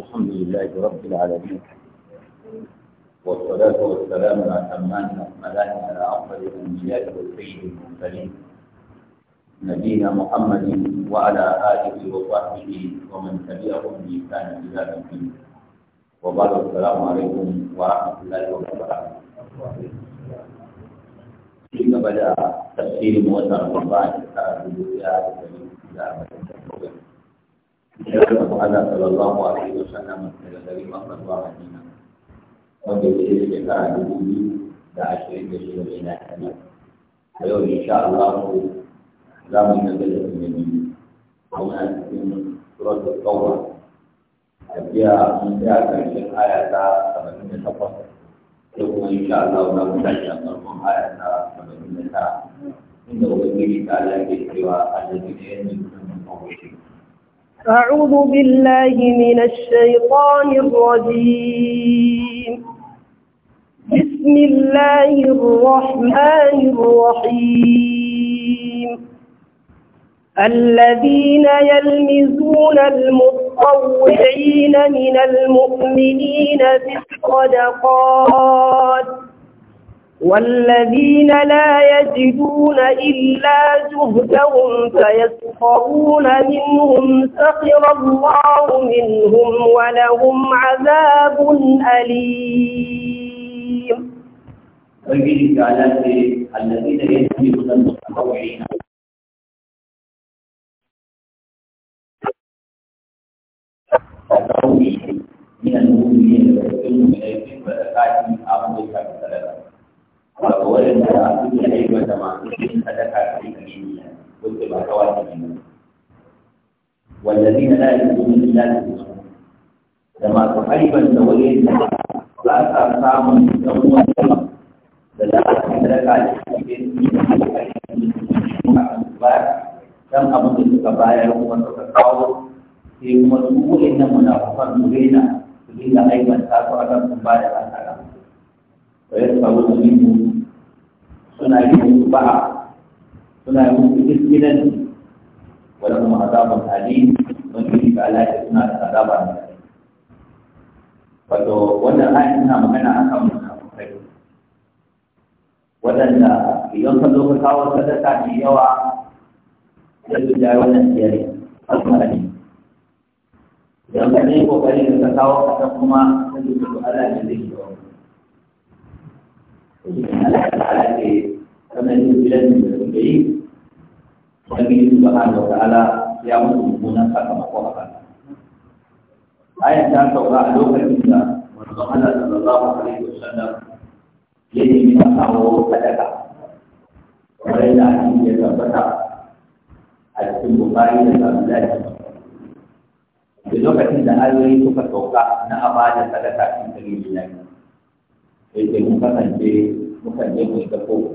الحمد لله رب العالمين والصلاة والسلام على أمان الأكملان على أفضل الأنبياء والسيد المرسلين نبينا محمد وعلى آله وصحبه ومن تبعهم بإحسان إلى يوم الدين وبعد السلام عليكم ورحمة الله وبركاته Kita pada tafsir muatan Al-Quran secara dunia dan dunia يقرأ على صلى الله عليه وسلم الذي مر الله بنا وبالإذن الله لعشرين بشير إلى السماء ويوم إن شاء الله لا من نزل من هنا من سورة التوبة فيها من فيها كريم آية ثمانية تقص يقول إن شاء الله لا من نزل منهم آية ثمانية إنه بإذن الله الذين يؤمنون أعوذ بالله من الشيطان الرجيم بسم الله الرحمن الرحيم الذين يلمزون المطوعين من المؤمنين في الصدقات والذين لا يجدون إلا جهدهم فيسخرون منهم سخر الله منهم ولهم عذاب أليم. الذين الأدفات الإيمانية والتبقى واجبين والذين لا يؤمنون إلا بالرسول لما تحيب الزوجين لا تعصام من الزوجين فلا أدرك على الحبيب من الحبيب من كم أمد الكبايا لهم وتتقاوض في مسؤول إن منافقا مبينا تبين أيضا تأثر على الكبايا لا تعلم ويدفع منهم سنة يوم فما يمكن تسكنا ولهم عذاب أليم من يجب على إثناء عذاب أليم وَلَوْ أَنَّا مَنَا أَحَمْنَا مُحَيْمُ وَلَنَا إِيَوْ صَدُوكَ كَوَ سَدَتَا إِيَوَا يَسُ جَعَوَنَا سِيَرِي أَلْمَا أَلِيمُ yang tadi في kali kita tahu kata kuma itu ada di situ. Ada di karena itu bilang juga bagi lagi subhanahu wa ta'ala yang mutu munasa kama kuwa kana ayat ta sauka a lokacin da manzon Allah sallallahu alaihi wasallam ya nemi a kawo sadaka kamar yadda hadisi ya tabbata a cikin bukari da abdullahi da lokacin itu ayoyi suka sauka na abada sadaka cikin tak yayi sai Jadi kasance mukan je mu ga ko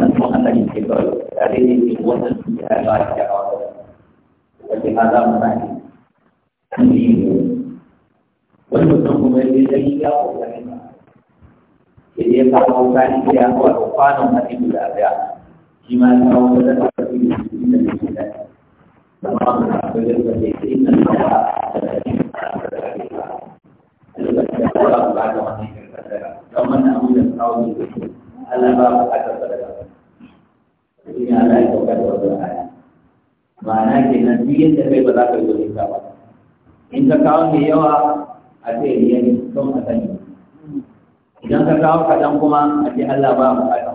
وأنتم أنني كبر عليه وزن فيها لا يعود ولهذا منعي تنزيل والمسلم الذي يأخذ منها إذ يقع ذلك هو القرآن مهيب الأبيات فيما تعود في من الإسلام فما إن الله بعد أن يكفر لو من أولى القول ألا باب أكثر لكن على أي وقت ورد الآية معناه كنا نزيد تبقى بلا كي يقول إنسا بطا إنسا كاو هي يوا أتيه يعني ثم أتاني إنسا كاو كجام كما أتي ألا با مقاية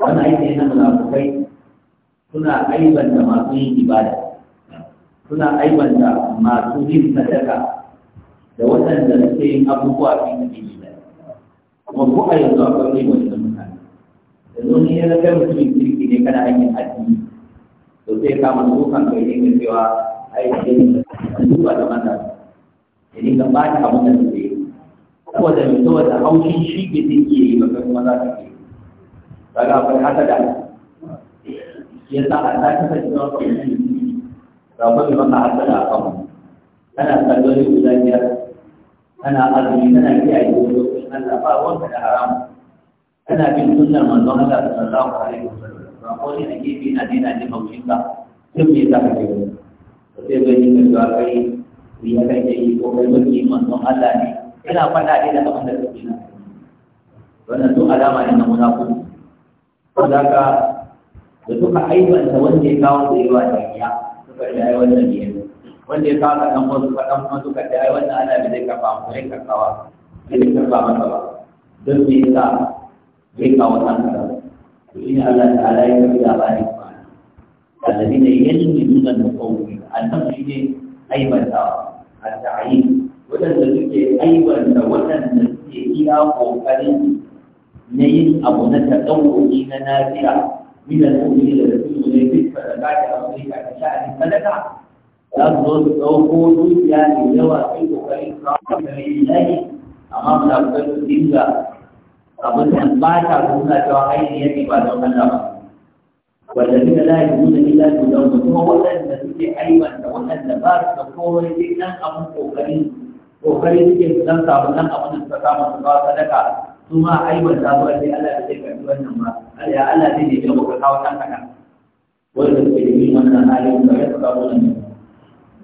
وانا أي سينا ملافقين كنا أي بنت ما فيه إبادة كنا أي بنت ما تجيب نتكا لو أنت نسيب أبوكوا في نبيل الله ومبوكا يوضع كل يوم yanzu ni ya ga mutumin kirki ne kana aikin addini to ya kama tsokan kai ne cewa ai sai an ba da mana ya dinga ba ta kama. da suke yi saboda mai saboda haushin shi ke zai iya yi ba kai kuma za ka yi kaga akwai hasada ya sa a ta kasance wa kawai rabu da maka hasada a kanmu kana kallon guda biyar kana azumi kana kiyaye wani lokacin da haramu kana bin sunnar manzon Allah sallallahu alaihi wasallam ba ko ne ake gefe na dina ji haushin ka duk me za ka ke wani to sai bai yi kai zuwa kai riya kai yi ko kai wani manzon Allah ne ina faɗa ne da kamar da kake na wannan duk alama ne na munafiki ko da ka da suka wanda ya kawo da yawa da riya suka da ai wannan ne wanda ya kawo kaɗan wasu kaɗan wasu suka da ai wannan ana bi zai kafa mu zai karɓawa zai karɓa masa ba don me yasa zai kawo kanka to ina Allah ta'ala ya yi labarin ba الذين يلمزون المقومين النقش ne aibanta a ta'ayi waɗanda suke aibanta waɗanda suke iya ƙoƙarin na yin abu na taɗauƙoƙi na nafiya minan ƙoƙi da da su ne duk sadaka da amurka da sha'anin sadaka za su zo su ɗauko dukiya da yawa sai ƙoƙarin kawo da mai ilahi amma abin da ba ta nuna cewa ainihin ne ba don Allah ba. Wanda nuna layi nuna nila nuna wanda kuma waɗanda suke aiwan da waɗanda ba su da kowai duk nan abin kokarin kokari suke su zan samu nan abin suka samu su ba sadaka su ma aiwan da zuwa sai Allah da zai karɓi wannan ba. Allah Allah zai ne jago ka kawo kanka kan. Wanda suke da yin wannan hali kuma ya fi kawo nan.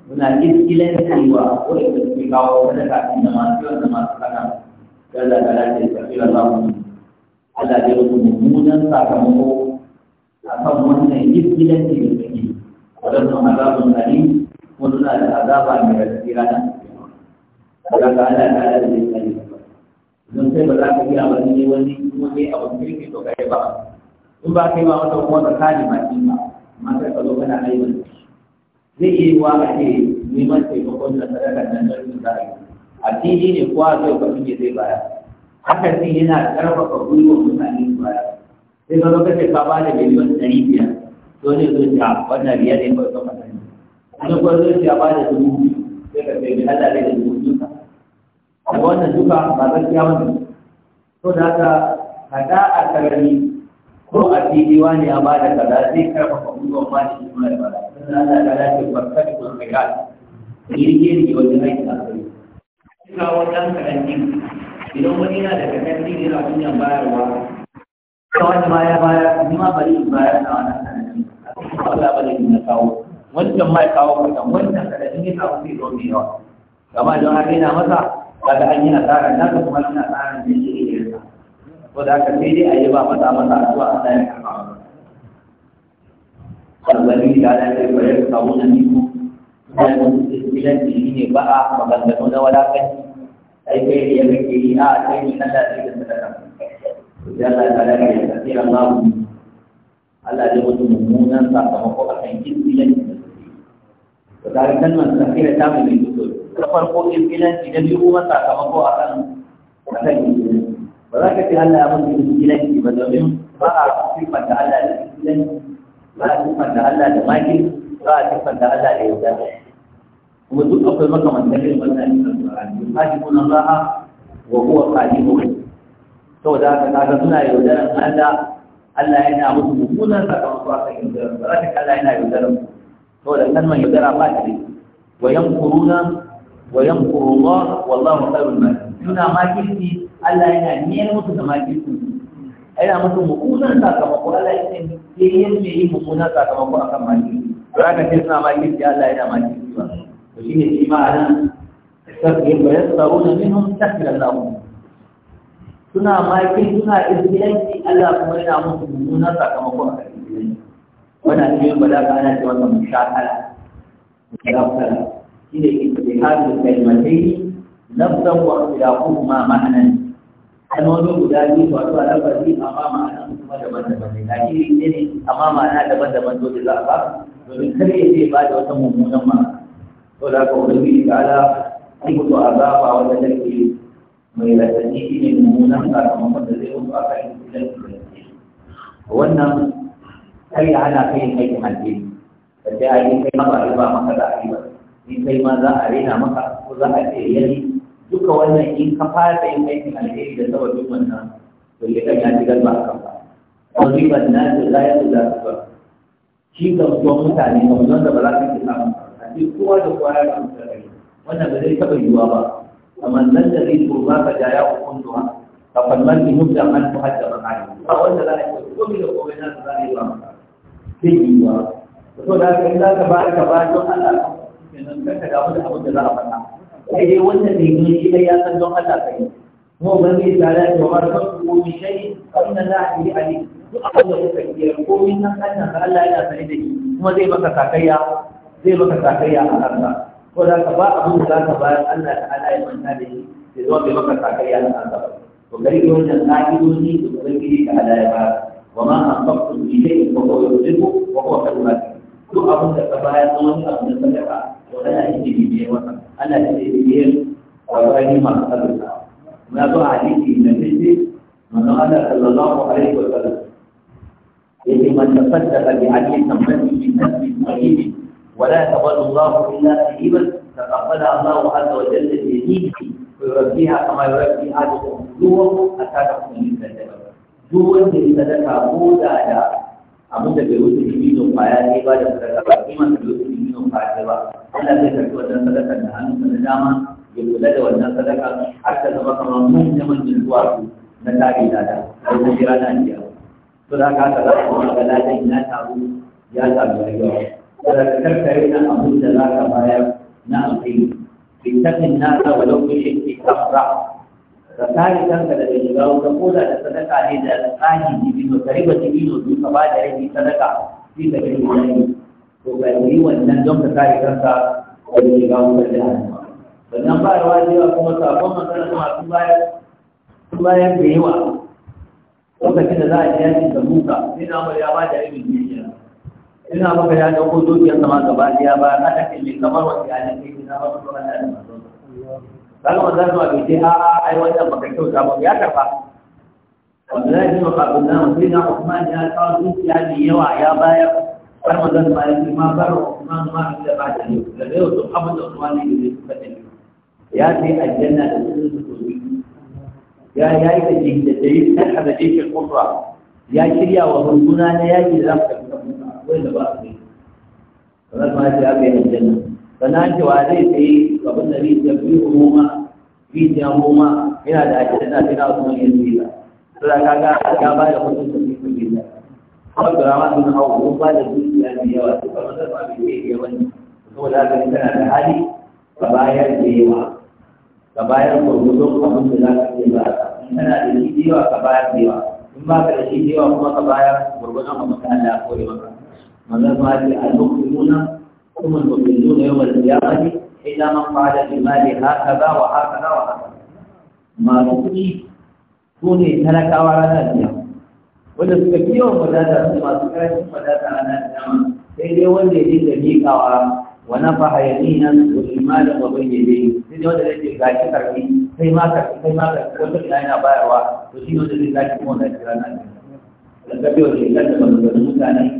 Muna iskilan cewa wanda suke kawo sadaka inda masu yawan da masu kanan. kada ka lafiya tafiyar Allah Allah zai rubu mummunan sakamako Akan kan wannan iskilan da yake yi wadannan azabun alim ko suna da azaba mai rasu ranar daga ga da ta ala zai kare ka don sai ba za ka iya wani ne wani wani abu kirki to kai ba in ba kai ma wata kuma ka kare ma din ba ma sai ka zo kana aiwata zai iya yi wa a ce neman taimakon da sadaka nan da su za addini ne kuwa zai kwafi ne zai baya haka sai yana karfafa gwiwa mutane su baya sai ka lokacin ka bada da miliyan ɗari biyar dole zuciya wannan riya ne kawai kan mutane wani kuwa zuciya ba da dubu biyu sai ka sai Allah zai da dubu biyu ka daga wannan duka ba gaskiya wani to da haka kada a karami ko a fili wani ya ba da kaza zai karfafa gwiwa ma shi kuma da bada sannan Allah ya ce barkatu kun kai ka girgirgi wajen aiki a kai ina wajen kaɗan idan wani yana da kaɗan yana kunyan bayarwa ta wani baya baya ni ma bari in bayar na a cikin Allah bari in na kawo wancan ma kawo kawo kaɗan wancan kaɗan ne kawo sai zo mai yawa gama don haka yana masa kaga an yi tsara na ka kuma ana tsara da shi ne yasa ko da haka sai dai a yi ba masa masa addu'a Allah ya karɓa wannan ne da Allah ya yi bayar sabon na ni ko wannan iskilanci shi ne ba a maganganu na wadatanci sai kai da ya kake yi a sai ni Allah zai da sadaka sai Allah ya kada ya tafi Allah Allah zai mutu mummunan sakamako a kan iskilanci da suke to kaga kalmar safira ta mu ne duka ta farko iskilanci da biyu kuma sakamako a kan a kan iskilanci ba za ka ce Allah ya mutu iskilanci ba domin ba a da Allah da iskilanci ba a da Allah da makin ba a da Allah da yaudarar kuma duk akwai makamantar irin wannan alƙur'ani yuqatilun Allah wa huwa qadimuhum saboda haka kaga suna yaudaran Allah Allah yana musu mummunan sakamako akan yaudaran ba za Allah yana yaudaran saboda kalmar yaudara ba ta ne wa yankuruna wa yankuru Allah wallahu khairul makirin suna makirci Allah yana niyyar musu da makirci yana musu mummunan sakamako Allah yana niyyar mai yi mummunan sakamako akan makirci ba za ka ce suna makirci Allah yana makirci ba وفي اجتماع لهم السفر ويسرعون منهم سفر لهم سنة مايكل سنة إذنيتي ألا كمينا مصر منونا فكما قلنا وانا اليوم بلا بانا جوانا مشاحلة مشاحلة إذا كنت بهذه الكلمتين نفسه واختلافه ما معنى أنا أقول لك أن هذا الذي أمام أنا ثم دبن دبن لكن إذا أمام أنا دبن دبن دود الله فمن خلية بعد وتم من الله ولا قوله تعالى أيكم أباقا وتذكر وإلى تنيه من منافع كما تذكرون أكاين إلى وأن أي على كي كي تحدي فتأي كي مضى إبا مكذا أيضا إن كي ما أرينا مكا وذا أتيري دك وانا إن كفاية إن كي تحدي إذا سوى جمعنا واللي كان يعتقد ما كفاية الناس لا يدل على shi ga wasu mutane ga wajen da duk kowa da kowa ya rubuta rai wannan ba zai taɓa yiwuwa ba kamar nan da zai so ba ka da ya hukuntu ha kafin man ki mutu man ku hajja ba ka yi ba wanda za a yi komai da komai na za a yi ba maka zai yiwuwa ba to da haka yi za ka ba ka ba don Allah kenan kar ka damu da abin da za a faɗa sai dai wanda bai yi shi ya san don Allah ka yi mu ban zai tsara da wa kan ku mi shay fa inna la ilaha illa duk abin da kuka yi komai nan Allah Allah yana sani da shi kuma zai maka kakayya زي ما تفاحية أخرى ولا تبا أبو لا تبا أن أنا من هذه في دوام ما تفاحية أخرى وقريب أن جنتاكي دوني وقريب يوم جنتاكي وما أنفقت بشيء وهو يرزقه وهو خير مالك كل أبو لا تبا أن أنا من هذه وأنا أجي بجيه وطن أنا أجي بجيه وأنا ما أقدر ما دعا لي من النبي من أنا صلى الله عليه وسلم إن من تصدق بعدل ثم من نفس قريب ولا يقبل الله الا تجيبا تقبلها الله عز وجل بدينه ويربيها كما يربي احدكم جوا اتاكم تكون من كذبه جوا لسلك عمودا يا عمودا بيوت اليمين وقايا عباده فتكتب قيمه بيوت اليمين وقايا سوا الا تكتب وجنب لك النعم النجاما بالولد والناس لك حتى تبقى منجما من الوارد نتاجي لا لا ونجرانا اياه صداقات الله ونجرانا اياه يا تعبد الله karkare na abin da za ka bayar na alkhairi littafin nasa walau bishin ki kafra ka kare kanka daga shiga wuta ko da da sadaka ne da tsani jibino ka riba jibino su ka ba da rabi sadaka sai ka yi wani to ka yi wannan don ka kare kanka daga shiga wuta da hannu sannan ba da wajewa kuma sabon masana kuma lokacin da za a ji yakin da sai na ya ba da rabi jibino ina maka ya dauko dukiyar sama gaba daya ba hada kalli kamar wasu alaƙi ina ba su kuma da almanzo kaga manzo zuwa bai ce a a ai wannan baka kyauta ba ya karfa wallahi ma ka kunna sai na Uthman ya kawo dukiya da yawa ya bayar har manzo zuwa ya ce ma bar Uthman ma da ba ta ne da yau to abin da Uthman ne da suka tafi ya ce aljanna da su su ya ya yi da jinda da yi ta hada jikin kufra ya shirya wa runduna na yaki da za su tafi akwai da ba su yi kamar ma ce aka yi aljanna sannan cewa zai sayi abin da rijiyar biyu goma rijiyar goma yana da ake tana tana wasu manyan zuwa sura kaga ya ba da kudin da su yi da kawai rama sun hau kun ba da zuciya mai yawa su kamar da ba mai yi wani saboda haka ne tana da hali ka bayar da yawa ka bayar gurgudun abin da za ka iya ba in kana da shi yawa ka bayar da yawa in ba ka da shi yawa kuma ka bayar gurgudun abin da Allah ya kore maka ماذا قال المؤمنون هم المضلون يوم القيامة إلا من فعل بمال هكذا وهكذا وهكذا ما رؤي سوني تلك وعلى القيامة wanda suka fi yawan wadata su masu ƙarfin wadata a nan dama sai dai wanda ya dinga miƙawa wa na fa hayaniya wa imanin wa bayyane sai dai wanda zai ga shi karfi sai ma karfi sai ma karfi wanda ina yana bayarwa to shi wanda zai ga kuma da shi ranar da ka biyo da ilan mutane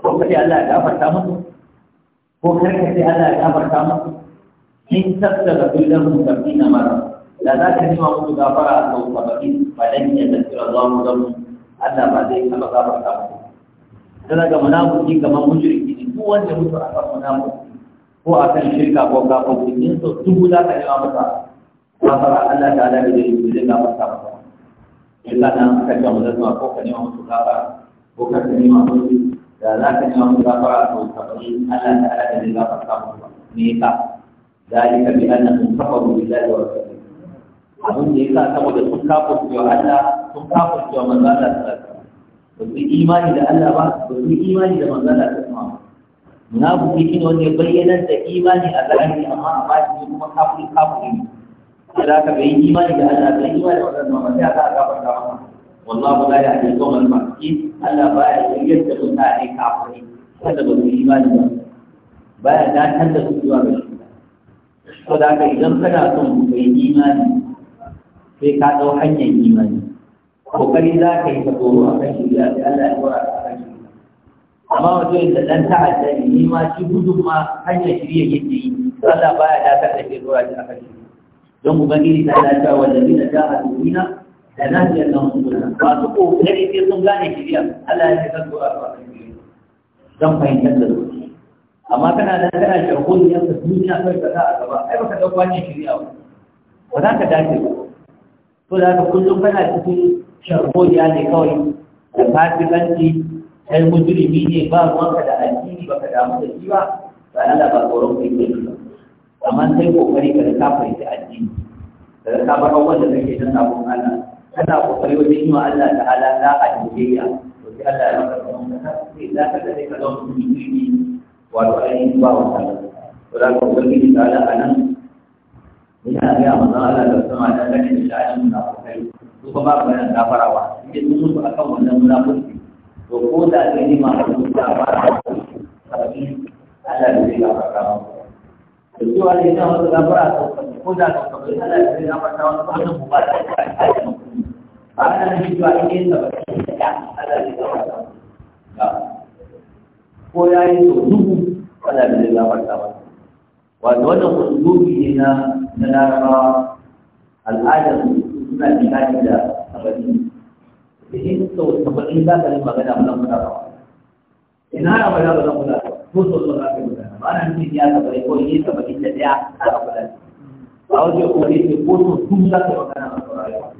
ko kace Allah ya gafarta musu ko kar ka ce Allah ya gafarta musu in tattara bilan mutabina mara la za ka nima musu gafara a sau saba'in ba dan ya tattara zuwa mu zamu Allah ba zai taɓa gafarta musu sai ga munafiki kamar mushriki ne ko wanda mutu a kan munafiki ko akan shirka ko kafin in so dubu za ka nima masa gafara Allah ta ala da zai gafarta masa illa nan aka ce mu zama ko ka nima musu gafara ko ka nima musu da za ka nemi musu gafara to saba'in Allah ta ala da gafarta musu me yasa zalika bi annahum kafaru billahi wa rasulihi abin da yasa saboda sun kafirce wa Allah sun kafirce wa manzo Allah sallallahu alaihi wasallam ba su imani da Allah ba ba su imani da manzo Allah sallallahu alaihi munafiki shine wanda ya bayyana da imani a zahiri amma a ne kuma kafiri kafiri ne sai ka bai imani da Allah bai imani da manzo Allah sai aka gafarta masa wallahu la yahdi al-qawm al-fasiqin Allah baya shiryar da mutane kafirai kada ba su yi imani ba baya datar da su zuwa ga shi to da haka idan kana son ku yi imani sai ka dau hanyar imani kokari za ka yi ka tsoro a kan shirya sai Allah ya tsora ka kan shirya amma mutum da ta'adda ma shi yi baya ke a kan don ta da nan ya nan kuma sun gane shirya Allah ya san ko zan fahimtar da amma kana da kana sharhun ya duniya kai ka za a gaba ai baka dauka ne shirya ba ba za ka dace ba to da ka kullum kana cikin sharhun ya ne kawai da fasikanci kai mujrimi ne ba ruwanka da addini baka damu da shi ba ba Allah ba tsoron kai ne ba amma sai kokari ka da ka fahimci addini da ka bar wanda kake na sabon Allah kana kokari wajen yi wa Allah ta'ala na a duniya to sai Allah ya maka kuma ka sai za ka da ka zama mutum ne wato ainihin ba wata to da ka kokari da Allah anan ina ga manzo Allah da sama da ganin sha'anin munafikai su kuma ba bayan gafarawa sai sun mutu akan wannan munafiki to ko da zai nima a cikin gafara sabin Allah da zai gafarta masa to cewa ne ta wata gafara ko da ka kokari Allah da zai gafarta masa wannan mubarakin ba na nufin cewa in yin gaba da ya Allah zai gafarta ba ko ya yi so dubu Allah da gafarta ba wato wannan kusurdubi ne na na larabawa al'adar suna bihari da sabani da yin so sabani za ka yi magana ba zan kula ba ina na magana ba zan ko so so za ka yi magana ba na nufin ya sabani ko yin sabani da ɗaya za ka kula ba wajen kuma ne ko so sun za ka yi magana ba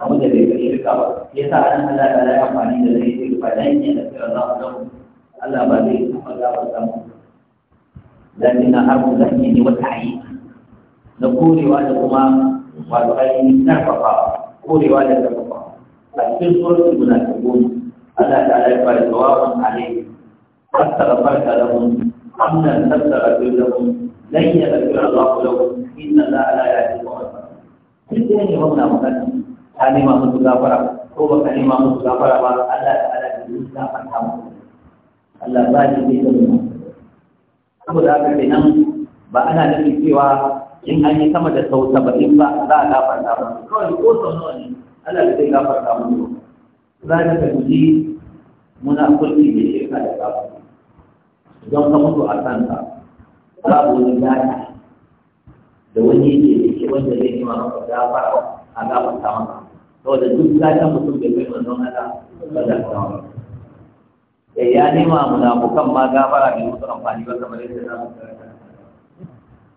abu da bai kai shirka ba ya sa an Allah ta yi amfani da zai ce ba dan yin da kira za ku lahu Allah ba zai kuma za ku samu lakin na harbu zan yi ne wata hayi na korewa da kuma wato ainihin karfafa korewa da karfafa a cikin suratul munafiqun Allah ta yi fara jawabun alaihi فاستغفرت لهم عمدا تستغفر لهم لن يغفر الله لهم ان الله لا يهدي القوم الفاسقين. في الدنيا هم لا مكان ka nema musu gafara ko ba ka nema musu gafara ba Allah ta ala da yi gafarta Allah ba shi ne da mu saboda haka nan, ba ana nufin cewa in an yi sama da sau saba'in ba za a gafarta ba kawai ko sau nawa ne Allah zai gafarta musu za ka fahimci muna kulki da shirka da gafarta don ka mutu a ka babu wani gata da wani yake da ke wanda zai yi maka gafara a gafarta maka da duk zata mutum da kai wannan Allah ba. alaihi da eh, ya nema munafukan ma gafara da musu amfani ba kamar yadda da mu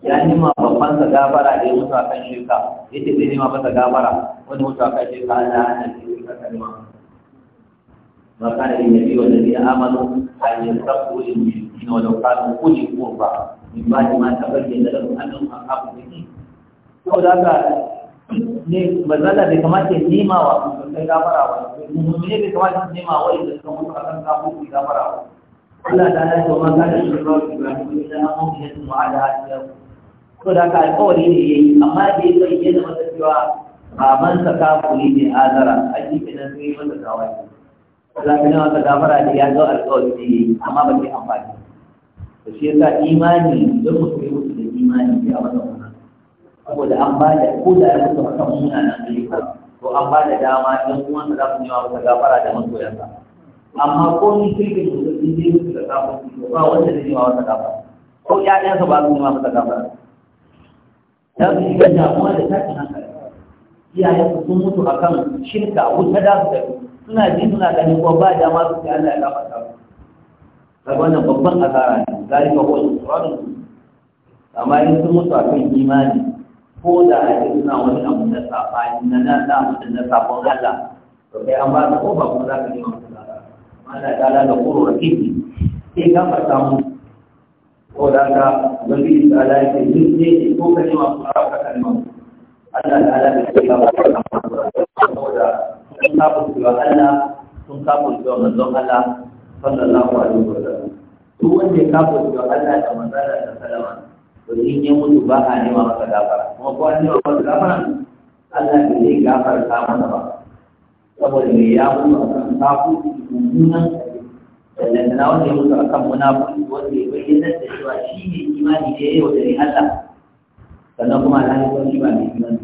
ya nema babban sa gafara da ya mutu akan shirka yace zai nema masa gafara wani mutu akan shirka ana ana shirka kalma ma kana yin nabi wa nabi amanu yi yasabu lil mushrikin wa law kanu uli qurba min ni ma da tabayyana abu da aqabu Sau da haka ne mazala bai kamata ya nema wa musulmai gafara ba ne bai kamata ya nema wa idan sun mutu akan kafin gafara ba Allah ta lafi wa maka da shi ba ku da na mutu ne wa ala hasiya ko da ka alƙawari ne yayi amma da ya bayyana masa cewa a baban ka kafuri ne azara a cikin nan sai masa gawai Allah ta ka gafara da ya zo alƙawari ne yayi amma ba zai amfani to shi yasa imani duk mutum ya mutu da imani ya wata wannan saboda an ba da ko da ya mutu nan da ayyuka to an ba da dama don uwansa za su nema masa gafara da masoyansa amma ko ni kirkin musulmi zai su da kafin su, ba wanda zai nema masa gafara ko ƴaƴansa ba su nema masa gafara za su shiga damuwa da tashin hankali iyayen sun mutu akan shirka wuta da su tafi suna ji suna ganin ko ba dama su ce Allah ya gafarta su kaga wannan babban asara ne zalika ko al-qur'an amma in sun mutu a kan imani ko da a yi suna wani abu na saɓani na na da mutum na saɓon Allah to kai an ba ta ko ba kuma za ka nema mutum ba mana ta ala da kuro rakibi sai ka ta samu ko da ka wani ta ala ke duk ne ko ka nema kuma za ka kalma Allah ta ala da ke ka ba ka kalma saboda sun kafin cewa Allah sun kafin cewa manzon Allah sallallahu alaihi wa sallam duk wanda ya kafin cewa Allah da manzon Allah sallallahu alaihi to in ya mutu ba a nema masa gafara kuma ko an nema masa Allah bai ba saboda ya mutu a kan kafu mummunan da na ya mutu akan kan munafiki wanda ya bayyana da cewa shi ne yi Allah sannan kuma alhali kuma ba mai imani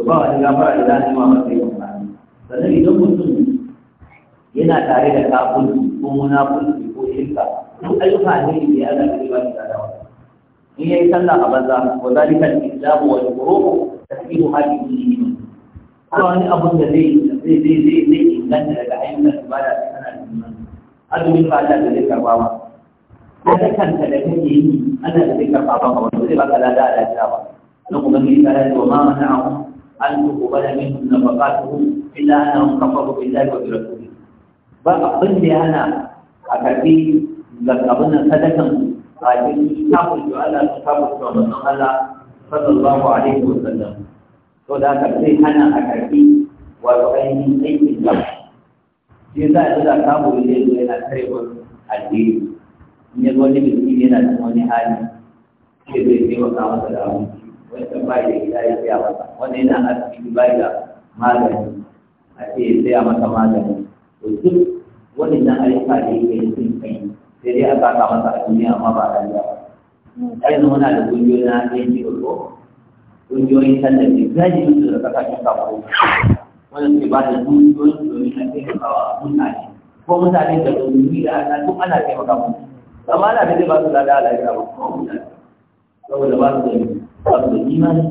to ba wani gafara za a ma masa yi wa sannan idan mutum yana tare da kafin ko munafiki ko shirka ne ya in yayi sallah a banza wa zalika al-islamu wal furuqu tasiru hadhihi al-iman ko wani abun da zai zai zai zai zai inganta daga ayyukan ibada da kana da iman azumin ba Allah da zai karba ba da kanta da kake yi ana da zai karba ba wanda zai baka lada a lafiya ba na ubangiji ta yi wa ma mana'ahu an tuqbala minhum nafaqatuhum illa annahum kafaru billahi wa bi rasulihi ba abin da ya hana a karbi zakabun sadakan a cikin kafin ta kafin Allah sallallahu alaihi wa sallam to da haka sai hana a karbi wato ainihin aikin da shi za a da kamu ya zo yana karewar addini in ya zo wani biki yana cikin wani hali sai zai taimaka masa da abinci wanda bai da gida ya tsaya masa Wani yana asibiti bai da magani a ce ya tsaya masa magani to duk wani na ayyuka da yake yin kai sai dai a saka masa a duniya amma ba a rayuwa ba yanzu muna da ƙungiyoyi na yanki ko ƙungiyoyin tallafi gajibin su da kasashen kafin wanda suke ba da dukiyoyin domin a taimakawa mutane ko mutane da domin da ana duk ana taimaka mu. amma ana da zai ba su lada a lafiya ba ko mutane saboda ba su da ba su da imani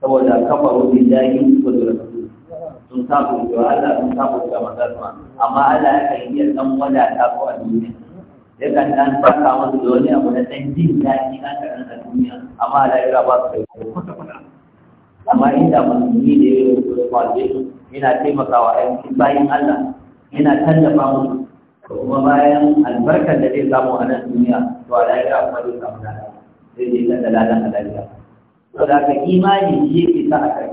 saboda kafa wani jahi ko da sun samu da Allah sun samu da manzon amma Allah ya kai iya wanda wadata ko a duniya yakan masu da wani abu na ɗan jin daɗi na karan da duniya amma a ba su da ya yi bayan Allah tallafa musu kuma bayan albarkar da zai samu a nan duniya to a kuma zai samu lada zai da ladan a lahira ka imani shi sa a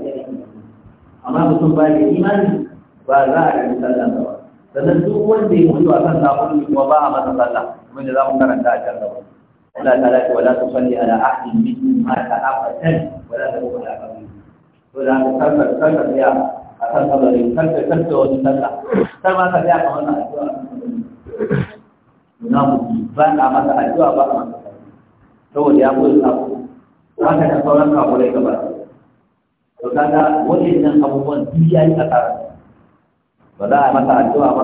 amma mutum ba da imani ba za a karɓi ba sannan duk wanda ya mutu a kan sabon kuma ba a masa sallah kuma da za mu karanta a can gaba Allah ta lafi wala ta salli ala ahdin min ma ta afatan wala ta kuma da kabari to da ka karkar karkar ya a kan kabari karkar karkar wani sallah kar ma ka ya ka wannan addu'a na mu ba ka masa addu'a ba a masa saboda ya koyi sabo haka da sauran kaburai gaba to kaga waɗannan abubuwan duk yayi a karanta ba za a masa addu'a ba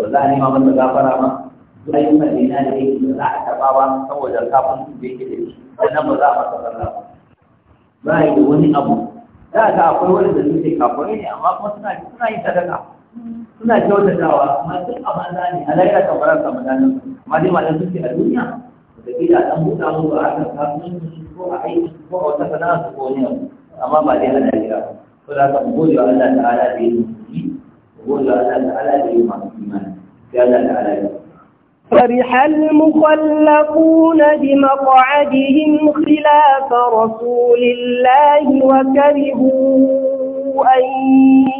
ba za a nema masa gafara ba yi da na da yake da za a taɓa ba saboda kafin da yake da shi sannan ba za a masa sallah ba ba a yi da wani abu za a ga akwai wani da suke kafirai ne amma kuma suna suna ta sadaka suna kyautatawa amma sun a banza ne a laira kamar kamar nan amma dai malam suke a duniya da kila dan buɗa ba a harkar su ko a aiki ko a wata sana'a ko wani amma ba dai a laira ba. Saboda haka mu gode wa Allah ta'ala da yi يقول له على الإيمان قال على فرح المخلقون بمقعدهم خلاف رسول الله وكرهوا أن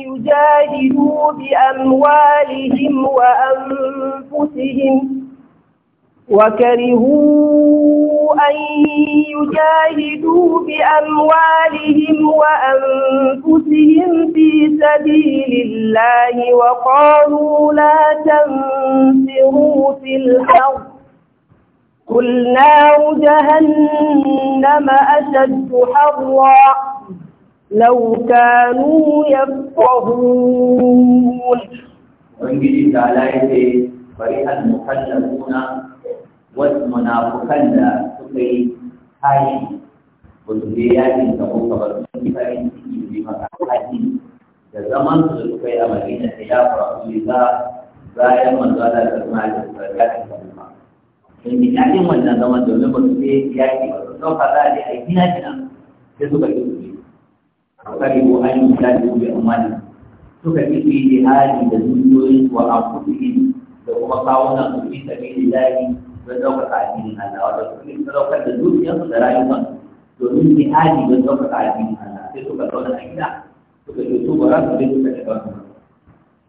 يجاهدوا بأموالهم وأنفسهم وكرهوا أن يجاهدوا بأموالهم وأنفسهم في سبيل الله وقالوا لا تنفروا في الحرب قل نار جهنم أشد حرا لو كانوا يفقهون وإن على يدي فريق wasu munafukan da suka yi tashi ba su je yakin da kuka ba su yi farin ciki su yi maka haji da zaman su da suka yi a madina ta ya faru ne za za a yi manzo da ta suna da su ya ci da kuma sun yi yakin wannan zaman domin ba su je yaki ba su ɗauka za a je a yi gina gina sai suka yi su yi a kari ko an yi gina da amma amani suka yi su yi jihadi da dukiyoyin su a kuɗi da kuma kawunan su yi sabi da jari don ɗaukaka addinin Allah wato suke sadaukar da dukiyarsu da rayuwar domin jihadi don ɗaukaka addinin Allah sai suka zauna a gida suka ce su ba su je suka shiga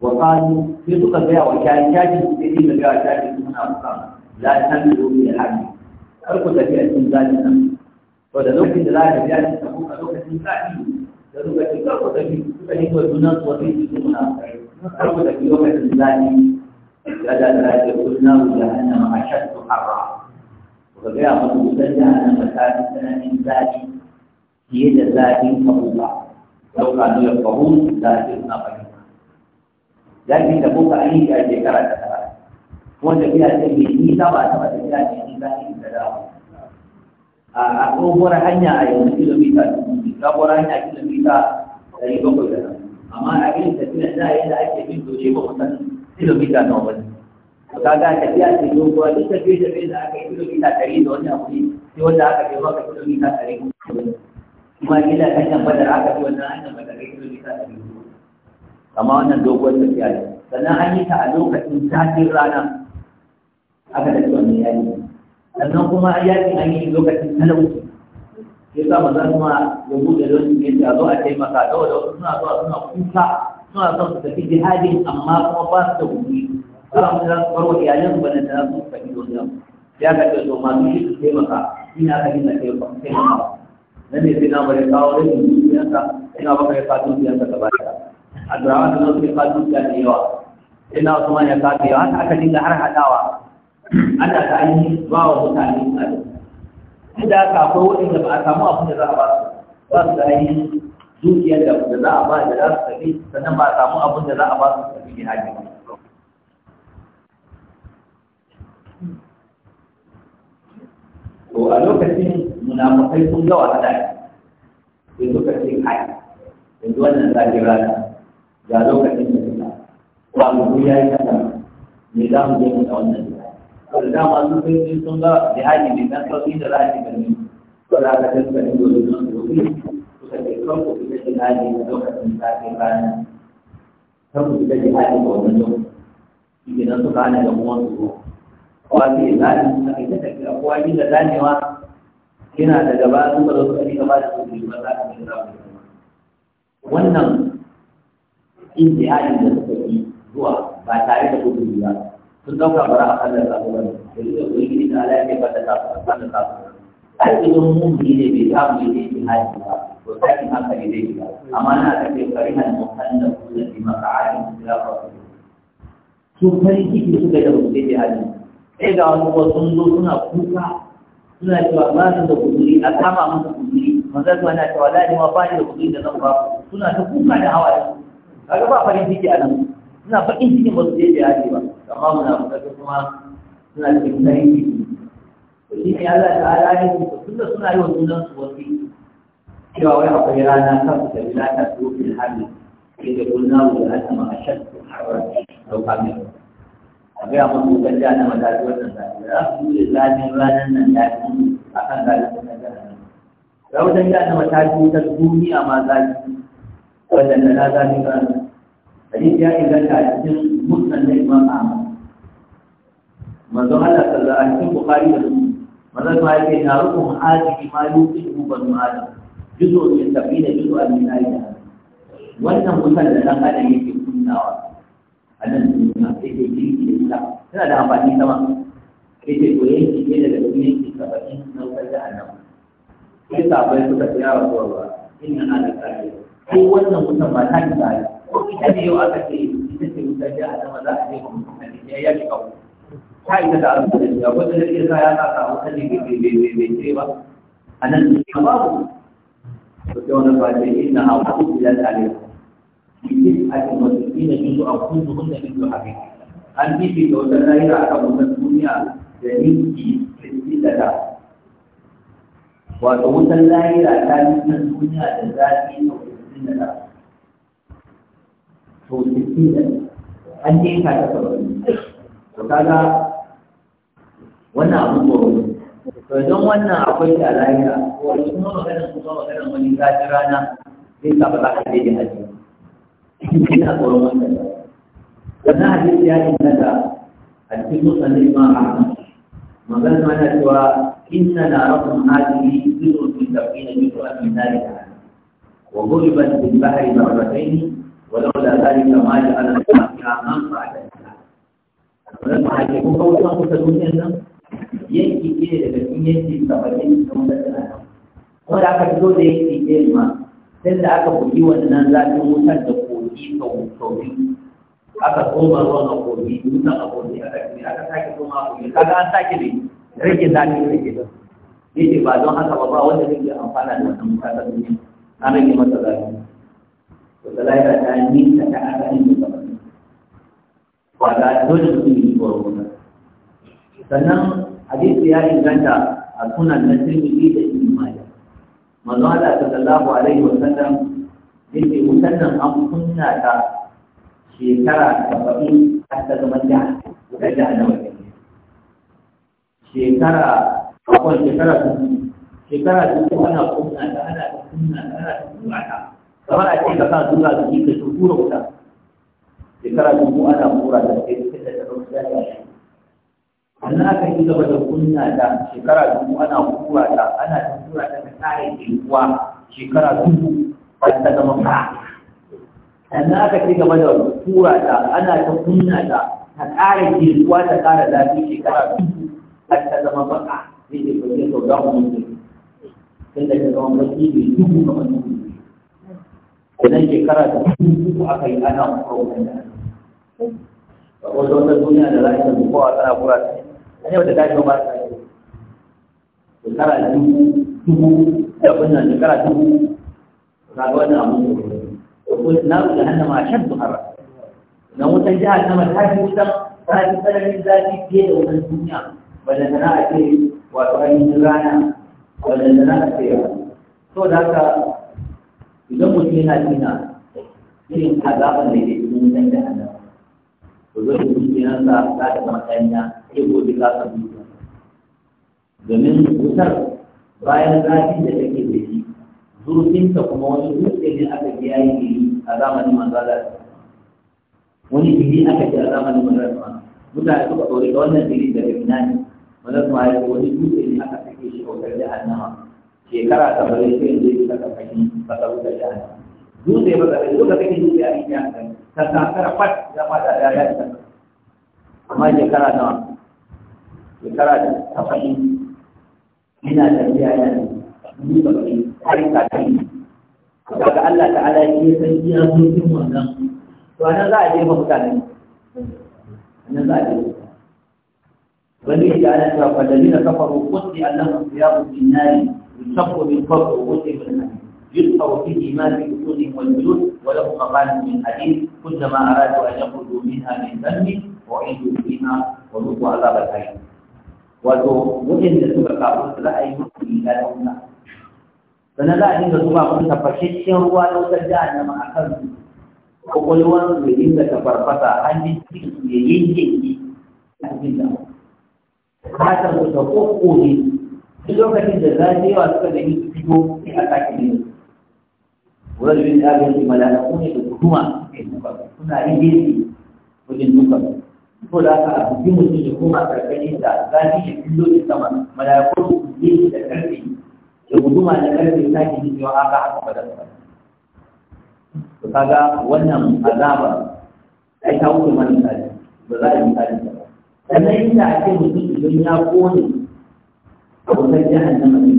wannan wa qalu sai suka ga wa shayi shayi sai suka ga shayi suna fuka la san du bi hadi har ku tafi a cikin zalin nan to da lokacin da za ka biya shi ku a lokacin zali da lokacin da ku tafi suka yi wa sunan su wani su suna har ku tafi lokacin zali ya da da ya kulna jahannama ashaddu الحرام وفي أقول بسنة أن مكان سنة من ذاتي هي ذاتي فضوطة لو كانوا يفضلون ذاتي هنا لكن تبوك أي جاي ذكرة ذكرة وانت في هذه الميزة وانت في هذه الميزة في الزلاوة Aku berhanya ayo kilo bisa, kau berhanya kilo bisa dari bokor dalam. Ama akhirnya saya tidak ada ayo kilo bisa, kilo bisa nombor. kaga tafiya ce doguwa duk tafiye tafiye da aka yi kilomita ɗari da wani abu ne sai wanda aka je maka kilomita ɗari kuma ila hanyar badar aka yi wannan hanyar badar ya kilomita ɗari kama wannan doguwar tafiya ne sannan an yi ta a lokacin zafin rana aka tafi wannan yaƙi sannan kuma yaƙin an yi lokacin talauci sai sa mazan kuma ya buɗe lokacin ne sai a zo a taimaka saboda wasu suna zuwa suna kuka suna son su tafi jihadin amma kuma ba su da kuɗi ba mu za su ya iyalan ba da na su faɗi don nan. ya ka ce to masu shi su taimaka ina ka yin na taimaka na ne sai na bari kawo ya ka ina baka ya fatin ta gaba ɗaya a turawa da nan sai fatin dukiya da yawa ina wasu ya kafi yawa haka aka dinga har haɗawa ana ta yi ba wa mutane tsari inda aka wani da ba a samu abin da za a ba su ba su da ainihin dukiyar da za a ba da za su tafi sannan ba a samu abin da za a ba su tafi jihadi ba to a lokacin munafukai sun gawa daji sai suka ce kai yanzu wannan zafi rana ga lokacin da suka ba ya yi kasa me za mu je mu da wannan da dama sun sai sun ga jihadi ne dan sauki da za a ci gani ko da aka tsaye da dole don su suka ce kan ku fita jihadi a lokacin zafi rana kan ku fita jihadi a wannan lokacin idan suka hana da kuma su kowa zai zani a kai ta tafiya kowa yi da zanewa yana da gaba sun ka zo suka rika ba da su biyu ba za ka mai zaɓa wannan intihadin da suka yi zuwa ba tare da kudin ba sun ɗauka bara a kan da zaɓa ba ne da duka kuɗi gidi da ala ya ba da zaɓa ba da zaɓa ai idan mun bi ne bai samu ne intihadi ba to sakin hankali zai shiga amma na ka ce karihan hannun kullum bi maka'adin da ya faru su farin ciki suka yi da mutum da hali sai ga wani wasu sun zo suna kuka suna cewa ba su da kuduri a kama musu kuzuri manzan su na cewa lani ma ba da kuduri da zan ba suna ta kuka da hawaye kaga ba farin ciki a nan suna bakin cikin ba su je jihadi ba amma muna fukata kuma suna cikin farin ciki to shi ne Allah ta ala ne su suna yi wa sunan su wasu cewa wai akwai rana kan su tafi lata su rufin hali sai da kullum na wuce a sama a shan su har wani ɗauka a gaya musu kan ja na mataki wannan zaɓe za su ranar nan ya fi a kan zaɓe na jihar rahoton ja na mataki ta duniya ma zafi wanda na na zaɓe ranar hadisi ya inganta a cikin mutan na imam ahmad manzon Allah sallallahu alaihi cikin bukhari da muslim manzon ma yake na rukun hadisi ma yusibu banu adam juzu min sabina juzu da ayya wannan mutan da dan adam yake kunnawa a nan duniya sai dai jirgi da ita tana da amfani sama sai ke ko yanki ne daga cikin yanki saba'in na wutar da annab sai sabai suka fi yawa zuwa ba in yana da kare ko wannan wutan ba ta ki tsari ko ita ne yau aka ce ita ce wutar da annab za a je ma mutum da ne ya ki kawo ta ita da abu da ya wata da ke sa ya sa samu sani bai bai bai bai ce ba a nan duniya babu. Sau da wani ba ce ina hawa kuɗi ya tsare بتسعة وستين جزءا كلهن مثل حبيب an bibi da wata lahira a kan wannan duniya da ninki da da wato wutan lahira ta nisan duniya da zafi a sittin da da to sittin da an je ka ta saba'in to kaga wannan abu tsoro to idan wannan akwai da lahira ko wani kuma maganar kuma maganar wani zafi rana zai sa ba za ka je da hajji ina tsoron wannan sannan hadisi ya inganta a cikin musulmi ma rahman magana mana cewa inna na rabin hadisi zuwa fi tafiya bi ko amin nari da wa gulibat bil bahri marratayn ولولا ذلك ما جعل الله فيها منفعة لنا. ولما حكيت قوة قوة الدنيا yanki ɗaya daga cikin yanki saba'in da wanda tana nan wanda aka fito da yanki ɗaya ma sai da aka bugi wannan zafin wutar da kogi kogi aka koma ruwan a kogi a kogi aka kiri aka sake koma a kogi kaga an sake ne rage zafi rage da yake ba don haka ba ba wanda zai iya amfana da wannan mutanen duniya an rage masa zafi to da ta nisa ta asalin da ba ga dole mutum yi gwargwata sannan hadisi ya inganta a sunan na tirmidhi da alaihi yake wutan nan an kunna ta shekara saba'in har ta zama da da jahannama shekara akwai shekara dubu shekara dubu ana kunna ta ana ta kunna ta ana ta kunna ta kamar a ce ka sa zuwa su yi ka tura wuta shekara dubu ana kura da sai ta da rubuta ya shi sannan aka yi gaba da kunna ta shekara dubu ana kura ta ana ta kura ta ta kare kuwa shekara dubu ba ta zama fara sannan aka ci gaba da tura ta ana ta kunna ta ta ƙara girkuwa ta ƙara zafi shekara biyu har ta zama baka zai ke kwaye sau da kuma mutum tun da ta zama baki mai duhu kamar duhu sannan shekara da duhu aka yi ana kuma wanda wata wata duniya da ra'ayin da kowa tana kura ta ne wata tashi ba ta yi shekara dubu dubu da kunna shekara dubu kaga wannan abu ko na ga hanna ma shan buhara Na wutan jiha ta mata ta wutan ta ji tsananin zafi fiye da wutan duniya wanda na a ce wato ainihin rana wanda na a ce to da haka idan mutum yana tina irin azaban da ke cikin wutan jiha nan to zai zuciyar sa za ta zama ɗanya sai gobe za ta zuciya domin wutar bayan zafi da take zurfinta kuma wani dutse ne aka ji ya yi gini a zamanin manzala wani gini aka ji a zamanin manzala mutane suka tsori da wannan gini daga ina ne manzala kuma ya wani dutse ne aka sake shi kautar jahannama shekara ta bari sai yanzu ya saka kashi ba ta da jahannama dutse ba ta kai duka kake dutse a yi jahannama ta kakara fat ya fata ya ya ta amma shekara nawa shekara ta faɗi ina tafiya ya yi ba ai kafin daga Allah ta'ala ya san iya sun wannan to anan za a jefa mutane anan za a jefa wani ya ana cewa fadalina kafaru kutti Allah siyabu binnari yusaqqu min qabr wuti min يلقوا فيه ما في بطونهم والجلود وله مقال من zanni, كلما ارادوا ان يخرجوا منها من ذنب اعيدوا فيها وذوقوا عذاب الحريق وذوقوا وجد سبق عبد الله اي مسلم لا يمنع sannan za a dinga zuba kun tafashashen ruwa na wajen jahannama a kan su kwakwalwar su ya dinga tafarfasa hannun cikin su ya yanke a cikin da hatar su ta kokkone duk lokacin da zafi yawa suka gani su fito sai a sake ne wurin bin abin da malalaku ne da guduma suna yin gefe wajen dukan ko da aka abuji mutum ya koma karkashin da zafi ya filo da sama malalaku su gefe da karfe da guduma da karfe sake jijiyo haka haka ba da ba to wannan azaba ai ta wuce mana misali ba za a yi misali ba sannan inda a ake mutum idan ya kone a wutar na ne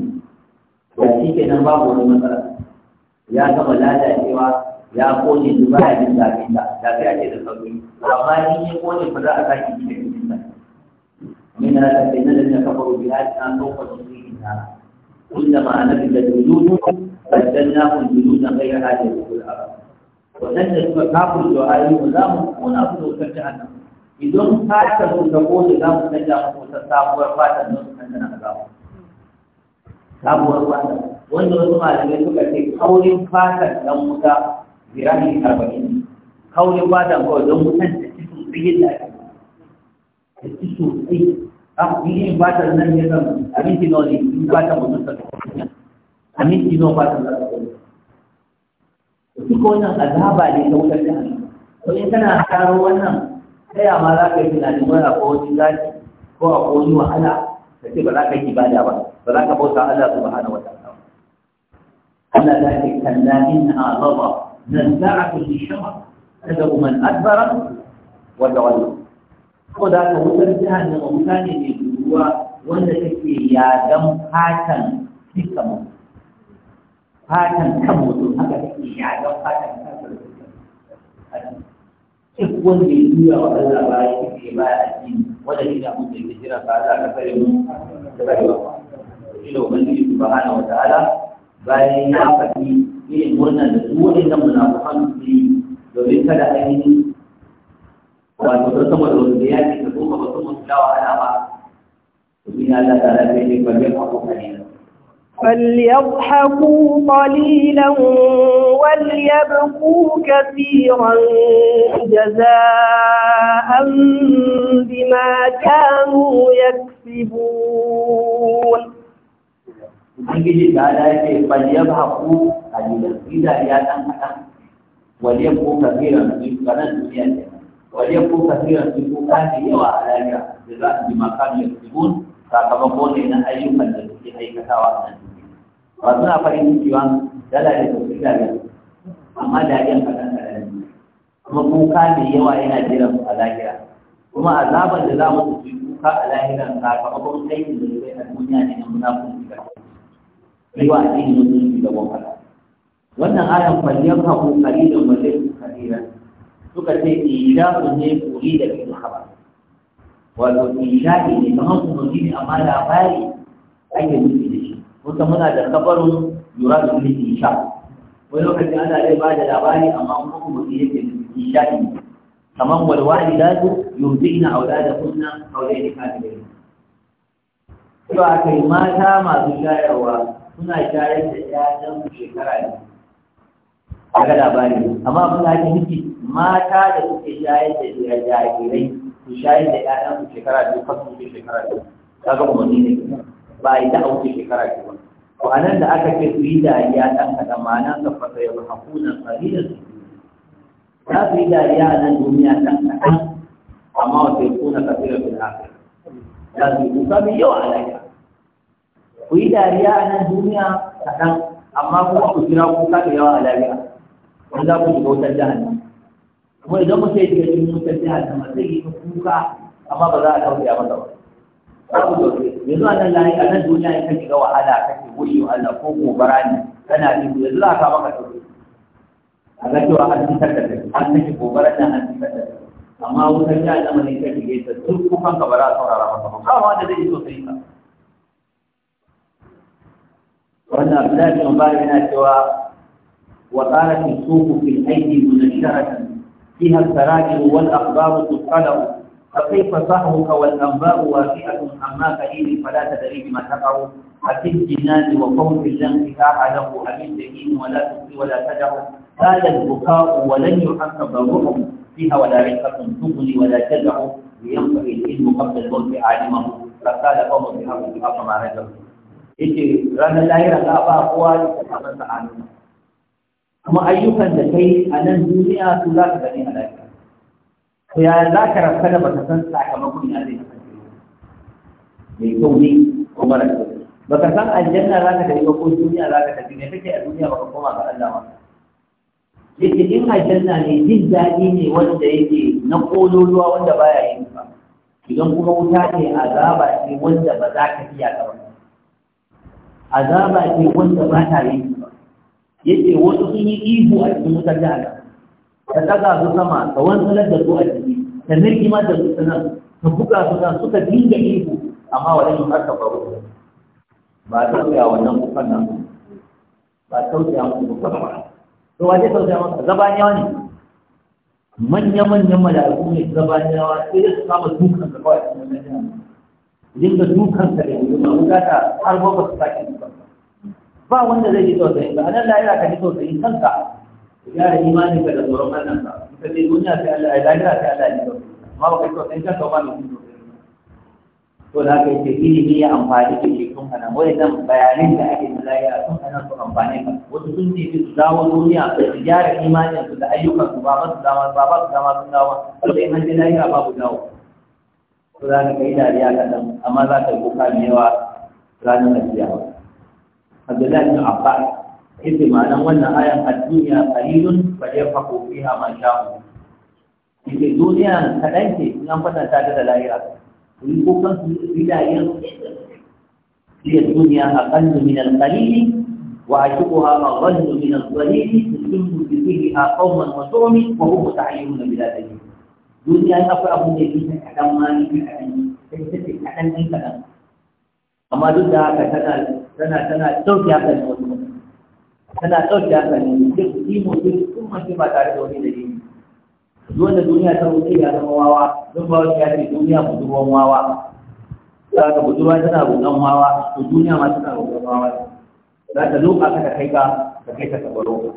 ya shi nan babu wani matsala ya gama lalacewa ya kone su ba a yi daɗin da da fi ake ce da sauri amma in ya kone ba za a sake jijiyo jikin da min na ta kai na da ta kafa rubi a cikin an su na كلما نفذ الجلود بدلناهم جلودا غير هذه الاولى ونجدوا كافر سؤالهم لا مكون افضل كنت عنهم إذن فاتحوا تقول لا مكنت عنهم تتابوا وفاتحوا نصف عندنا هذا تابوا وفاتحوا وانظروا ما لم يكن في قول فاتح لم مكا برامي أربعين قول فاتح هو لم مكن تكتسوا فيه الله تكتسوا فيه أخبرين أه، فاتح لم يكن أبنتي نولي aminci ba ta mutunta da kunya aminci nawa ba ta mutunta da kunya duka wannan azaba ne ta wutar jahannama to in kana karo wannan taya ma za ka yi tunanin wani akwai wani zaki ko akwai wani wahala ka ce ba za ka yi ibada ba ba za ka bauta Allah subhanahu wa ta'ala Allah ta ce kalla inna azaba nazza'atu lishama tad'u man adbara wa tawalla ko da ka wutar jahannama mutane ne ruwa wanda take yadan fatan duka fatan kan mutum haka take yadan fatan kan duk wanda ya juya wa Allah ba ya kike ba a cikin wanda shi da ya jira ba za ka fare mu da ba shi da ubangiji subhanahu wataala bayan ya faɗi irin murnar da su waɗannan munafukan su yi domin kada ainihin wato don saboda wanda ya ke ka zo ba su mutu dawa ana ba فليضحكوا قليلا وليبقوا كثيرا جزاء بما كانوا يكسبون وليبكوا كثيرا كثيرا sakamako ne na ayyukan da suke aikatawa a nan ba suna farin ciki ba dala da su dariya amma da dariyan kaɗan kaɗan kuma kuka mai yawa yana jiran su a lahira kuma azaban da za mu su kuka a lahiran sakamakon aikin da zai a duniya ne na munafurci da riwa a cikin mutunci da gwamnati wannan ayan kwalliyar haƙoƙari da wajen kariran suka ce idan ne kuri da kuma haɓar wato insha'i ne kamar kuma gini amma da fari ake nufi da shi kusa muna da kafarun yura da wani insha wani lokacin ana zai ba da labari amma kuma kuma gini yake insha'i ne kamar walwali da su ina aula da kunna aure da yi Su aka kai mata masu shayarwa suna shayar da ƴaƴan shekara ne daga labari amma kuma ake nufi mata da suke shayar da jarirai ku shayar da ƴaƴan ku shekara biyu kan ku shekara biyu kaga umarni ne ba a yi da auki shekara biyu to a nan da aka ce su yi dariya ɗan kaɗan ma'ana ka fasa ya hakuna tsariyar su za su yi dariya a nan duniya ɗan kaɗan amma wata ya kuna kafirar bin haka za su yi kuka mai yawa a lafiya ku yi dariya a nan duniya kaɗan amma kuma ku jira kuka da yawa a lafiya wanda za ku shiga wutar jihar nan kuma idan mutum ya shiga cikin wutar jiha da zai yi kuka amma ba za a ɗauke a masa ba babu ɗauke yanzu a nan layi a nan duniya in ka shiga wahala kake wuri wa Allah ko gobara ne kana jin yanzu za ka maka ɗauke a ga cewa an fitar da kai an kashe gobara nan an fitar da kai amma wutar jiha da mai ka shige ta duk kukan ka ba za a saurara masa ba ba wanda zai yi sosai ka wannan abdullahi bin mubarak yana cewa wa qalat suqu fil aidi munashara فيها السرائر والأخبار تطلع فكيف صحوك والأنباء وافئة أما قليل فلا تدري بما تقع حتى الجنان وفوق لا انفتاح له أمن دين ولا تبقي ولا تدع قال البكاء ولن يحسب الروح فيها ولا رقة تغني ولا تدع لينبغي العلم قبل الموت عالمه فقال قوم بحق بحق ما رجعوا. إيه رانا لا يرى لا أبا أخوان فقد سعادنا. kuma ayyukan da kai a nan duniya su za ka gani a lafiya to ya za ka rafka da baka san sakamakon ya zai kasance mai kyau ne ko mara kyau baka san aljanna za ka tafi ko duniya za ka tafi me kake a duniya baka koma ga Allah ba yake in aljanna ne jin daɗi ne wanda yake na ƙololuwa wanda baya yin ba idan kuma wuta ne azaba ce wanda ba za ka iya ba azaba ce wanda ba ta yin yake wasu sun yi ihu a cikin wutar jihar ta daga su sama ta wanzanar da su a ciki ta ma da su sanar ta buga su nan suka dinga ihu amma wajen yin harka faru ba a tausaya wannan kufan nan ba a tausaya musu kufan ba to waje tausaya masa zabaniyawa ne manya-manyan mala'iku ne zabaniyawa sai da su kama dukan ka kawai a cikin wannan jihar dinga dukan ka da wuta mutane har ba su sake dukan ba. ba wanda zai yi tausayi ba anan lahira ka ji tausayi kanka ya da imanin ka da tsoron wannan ka ka ce duniya sai Allah ya lahira sai Allah ya ji tausayi amma ba kai tausayin kanka ba mai tausayi to da kai yi ce ilimi ya amfani da ke kun kana wai nan bayanin da ake da lahira tun kana su amfani ka wasu sun ce su dawo duniya su gyara imanin su da ayyukan su ba ba su dama ba ba su dama sun dawo to in an je ba babu dawo to za ka kai dariya kaɗan amma za ka yi kuka mai yawa ranar da ba abdullahi bin abbas yace ma'anar wannan ayan ad-dunya qalilun fa yafaqu fiha ma sha'u yace duniya kadan ce in an ta da lahira ku yi kokan su yi lahira هي الدنيا أقل من القليل وأشقها أظل من الظليل تسلم بذكرها قوما وتعمي وهم متعيرون بلا دليل دنيا أفرهم لكي تتعلم sai لكي تتعلم كيف تتعلم amma duk da haka tana tana tana dauke haka ne wasu tana ɗauki haka ne duk kimo duk sun mace ba tare da wani dalili duk da duniya ta wuce ya zama wawa don ba wani ya ce duniya budurwan wawa za ka budurwa tana roƙon wawa to duniya ma tana roƙon wawa za ta loka ka kai ka ka kai ka tabaro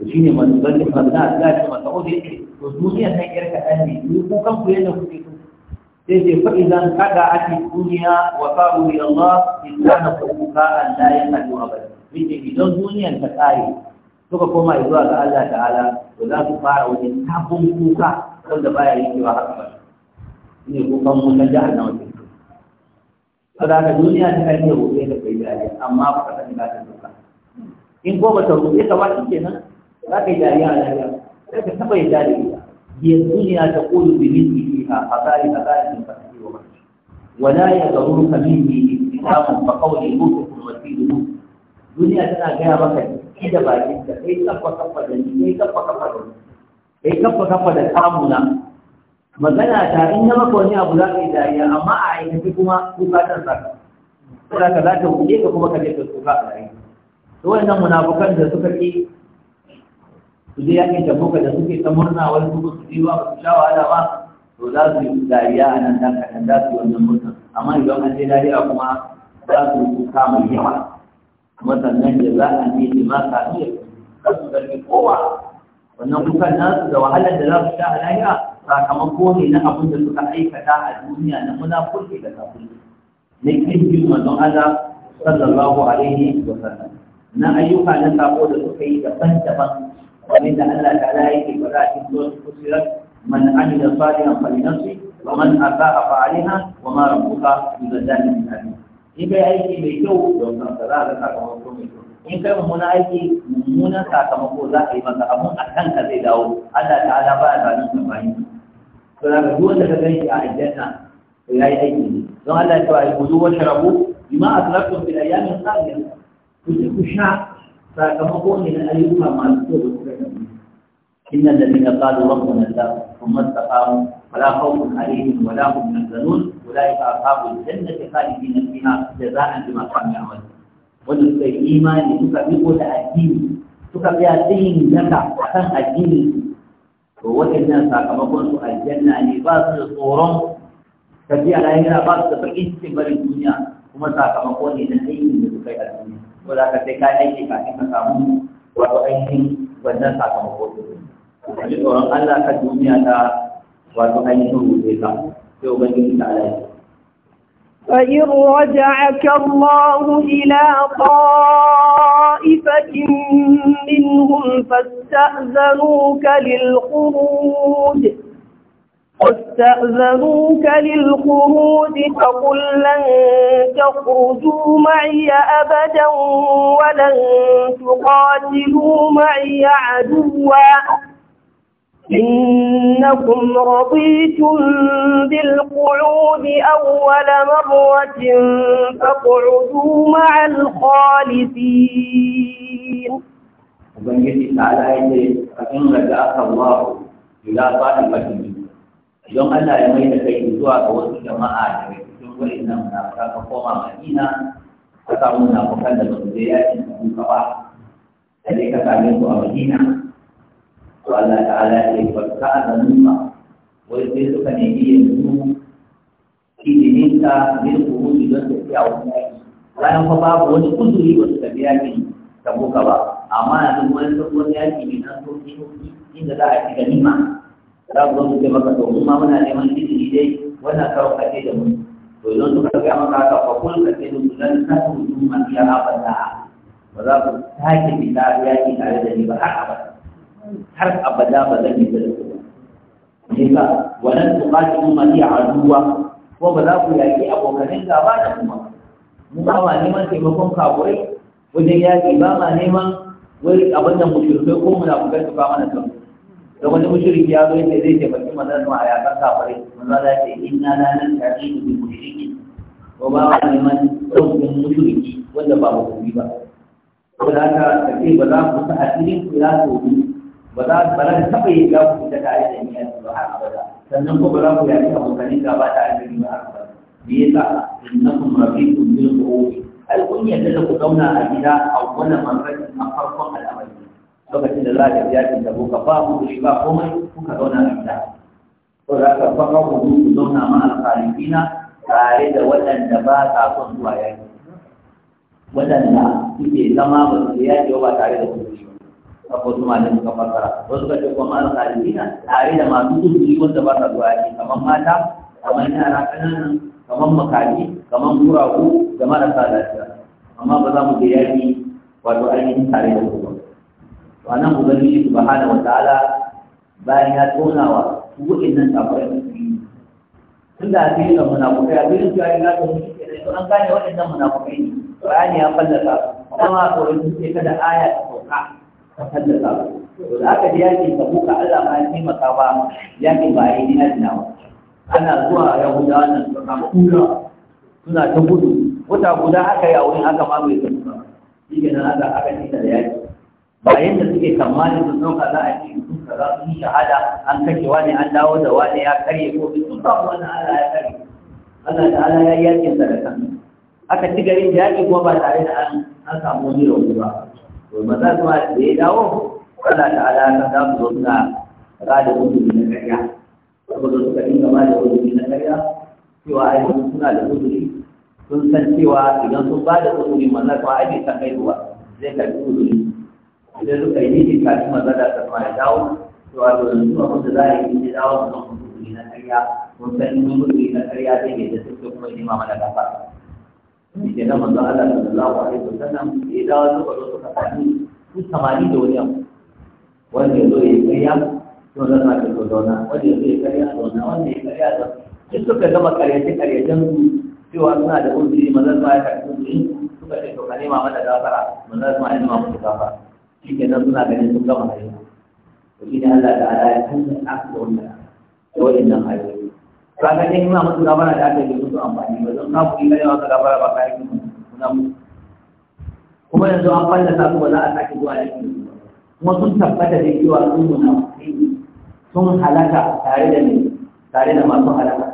to shine manzon Allah ya ce masa obi to duniya nan yarka ɗan ne ku kan ku yadda kuke so يجي فإذا انقطعت الدنيا وقالوا إلى الله إن كان حبك أن لا ينقطع أبدا يجي إذا الدنيا انقطعت suka koma zuwa ga Allah ta'ala to za su fara wani sabon kuka wanda baya yin cewa haka ba ne kukan mutan jahannama ce to da duniya ta kai ne roƙe da kai dariya amma ba ka san ka ta in ko ba ta ka ba kenan za ka yi dariya a dariya sai ka yi dariya الدنيا تقول بمثلها فذلك ذلك الفتح ومكه ولا يغرك مني اتهام فقولي مكه وسيل مكه duniya tana gaya maka ki da bakin da kai kafa kafa da ni kai kafa kafa da ni kai kafa kafa da kamuna magana ta in na maka wani abu za ka yi dariya amma a aikace kuma kuka tan saka ka ta wuce ka kuma ka je ka tsoka a rayu to munafukan da suka ki su je yakin tabuka da suke ta murna wani kuma su ji ba su sha wahala ba to za su yi dariya a nan dan kaɗan za su yi wannan murna amma idan an je dariya kuma za su yi kuka mai yawa kuma sannan da za a ne da ma ka iya za su zargi kowa wannan kukan nasu da wahalar da za su sha a lahira sakamako ne na abin da suka aikata a duniya na munafurci da kafirci na kirkin manzon Allah sallallahu alaihi wa sallam na ayyuka na sako da suka yi daban-daban وإن الله تعالى يكي فلا تنسوش من عمل صالحا فلنفسه ومن أساء فعليها وما ربك بمزال من أبيه in kai aiki mai kyau don kanka za ka sakamako mai kyau in kai mummuna aiki mummunan sakamako za ka yi maka abun a kanka zai dawo Allah ta'ala ba ya zalun ka bayi to da duk wanda ka gani a aljanna to yayi aiki ne don Allah ku sha sakamako ne na ayyuka masu kyau da suka yi inna alladhina qalu rabbuna allah thumma istaqamu fala khawfun alaihim wa la hum yahzanun ulaika ashabul jannati khalidina fiha jazaa'an bima kanu ya'malun wanda suka yi imani suka miko da addini suka biya tsayin daga akan addini to waɗannan sakamakon su aljanna ne ba su da tsoron tafiya lahira ba su da bakin cikin barin duniya kuma sakamako ne na aikin da suka yi a duniya ko za ka sai ka aiki kafin ka samu wato ainihin wannan sakamako ka ji tsoron Allah ka duniya ta wato ainihin rubuce ka sai ubangiji ta alaji فإن رجعك الله إلى طائفة منهم فاستأذنوك للخروج واستأذنوك للخروج فقل لن تخرجوا معي أبدا ولن تقاتلوا معي عدوا إنكم رضيتم بالقعود أول مرة فاقعدوا مع الخالفين وبنجد تعالى أن رجعك الله إلى ظالمة don Allah ya mai da kai zuwa ga wasu jama'a da bai cikin wani nan na ka koma Madina ka samu na fukan da basu zai yakin cikin ka ba da dai ka same su a Madina to Allah ta'ala ya ce ba ka azanin ba wai sai suka nemi yanzu izinin ka zai kuru don ta fiya wani yaki bayan fa babu wani kuzuri ba su tafi yakin ta boka ba amma yanzu wani sabon yaki ne na soki inda za a ci nima. za ku zo ce maka to kuma muna neman izini dai wannan karo ka ce da mu to idan suka ga maka haka fa kun ka ce musu lan ta ku su man ya abada ba za ku sake fita yaki tare da ni ba har abada har abada ba zan yi da ku ba ne ka wannan ku ba ki man ya aduwa ko ba za ku yaki abokanin gaba da kuma mu ba ma neman taimakon kaburai wajen yaki ba ma neman wai abin da shirme, ko munafukai su kama na kanku da wani mushrik ya zo yake zai taimaki manzon a yakan kafirai manzon ya ce nan ta nasta'inu bil mushrikin ko ba wa liman saukin mushriki wanda ba musulmi ba ko da ka ce ba za ku ta asirin ku ya tobi ba za ba za taɓa yi ga ku ta tare da niyyar ba har abada sannan ko ba za ku yaƙi abokanin ka ba da ni ba har abada me yasa innakum rafiqun bil qawmi al kunya da ku zauna a gida a wannan manzon a farkon al'amari lokacin da za ka biya kin da boka ba mu shi ba komai kuka zauna a gida ko za ka faka ku ku zauna ma alƙalifina tare da waɗanda ba sa son zuwa yaki waɗanda suke zama ba su yaki ba tare da kuɗi akwai su da muka fassara wasu suka ce kuma alƙalifina tare da masu kuɗi wanda ba sa zuwa yaki kamar mata kamar yara ƙananan kamar makaji kamar guragu da marasa lafiya amma ba za mu je yaki wato ainihin tare da kuɗi to anan ubangiji subhanahu wataala bayan ya tonawa su nan kafirai da su yi tun da abin da munafukai abin da su ga to shi ke da an gane waɗannan munafukai ne bayani ya fallasa kuma a tsoron su ce kada aya ta sauka ta fallasa to da aka ji yakin ka buka Allah ma ya taimaka ba yakin ba a yi dina dina ba ana zuwa yahudawa nan suka kura suna ta gudu wata guda aka yi a wurin aka mamaye ta shi ke nan aka aka ci da yaki ba yadda suke tsammanin sun ɗauka za a ce sun su yi shahada an kashe wani an dawo da wani ya karye ko sun samu wani Allah ya karye Allah ta'ala ya yi yakin sadaka aka ci garin jaki kuma ba tare da an an samu wani rauni ba to maza kuma da ya dawo Allah ta'ala ya za su zo suna rada hudumi na karya saboda suka dinga ba da hudumi na karya cewa ai suna da hudumi sun san cewa idan sun ba da hudumi maza kuma ai bai san kai zuwa zai karɓi hudumi idan suka yi nufin kafin mazala ta ma ya dawo to a to yanzu a wanda za a yi ne dawo mu zama mutum na karya mun san in mutum na karya zai yi da suka kuma yi ma mana gafa shi ke nan manzo Allah sallallahu alaihi wasallam ya dawo zuwa zo suka sami su samari da wani abu wanda ya zo ya yi karya to zan ma ta zo zauna wanda ya zo ya karya zauna wanda ya karya zauna duk suka gama karyace-karyacen su cewa suna da uzuri mazan ma ya karfi uzuri suka ce to ka nema mana gafara mazan ma ya nema musu gafara shi ke suna ganin sun gama hari ba? shi ne Allah da ala ya canza aka da wannan da waɗannan haihuwa to aka ce masu musu gabara da aka yi musu amfani ba zan kafu ina yawa ka gabara ba kayan kuma kuna musu kuma yanzu an falla su ba za a sake zuwa yankin kuma sun tabbata da cewa sun munafukai sun halaka tare da ne tare da masu halaka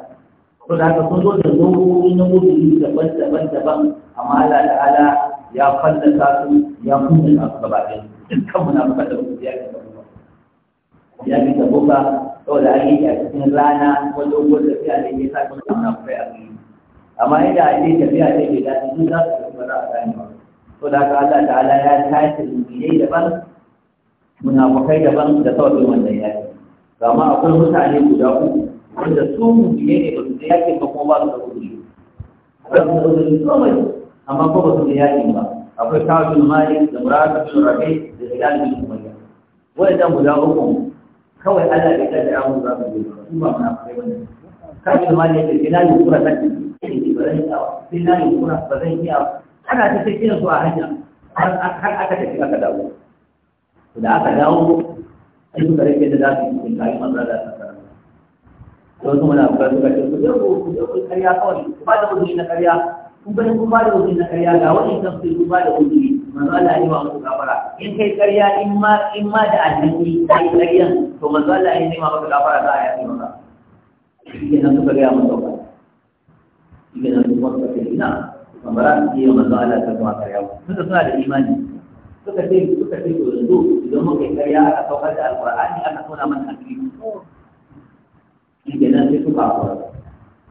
ko da haka sun zo da nau'o'i na gudu daban-daban daban amma Allah ta'ala ya fallasa su ya kunna su gaba ɗaya dukkan muna buka da mutum ya fita buka ya fita buka saboda an yi a cikin rana wani dogon tafiya ne ya sa kuma muna kai ya fi amma yadda an yi tafiya ne bai dace duk za su kuma za a gane ba saboda haka Allah ta'ala ya tashi mummunai daban munafukai daban da sauƙin wanda ya yi amma akwai mutane guda uku wanda su mummunai ne ba su da yakin ba kuma ba su da kudi ba su da kudi komai amma ko ba su da yakin ba akwai kawai malik da murad bin rabi ɗalibin umayya waɗannan guda uku kawai Allah bai kaddara mu za su je ba su ba mu na kai wannan kafin ma ne ke na yi kura ta ce ba zan yi tsawa sai na yi kura ba zan yi tsawa ana ta sai kiran su a hanya har aka tafi aka dawo da aka dawo ai suka rage da za su yi cikin kayan manzara da aka karanta don su mana buƙatar suka ce su je ku ku je ku karya kawai ku ba da wuri na karya kun gani kun ba da wuri na karya ga wani kan su ba da wuri manzo Allah ya yi wa muku gafara in kai ƙarya in ma in ma da addini kai ƙaryan to manzo Allah ya yi ma maka gafara za a yi maka yana suka ga mu sauka yana suka ga kai ina kamar an yi wa manzo Allah ta kuma ƙarya suka suna da imani suka ce suka ce to yanzu idan muka yi ƙarya aka saukar da alƙur'ani aka tona mana hankali shi kenan sai suka fara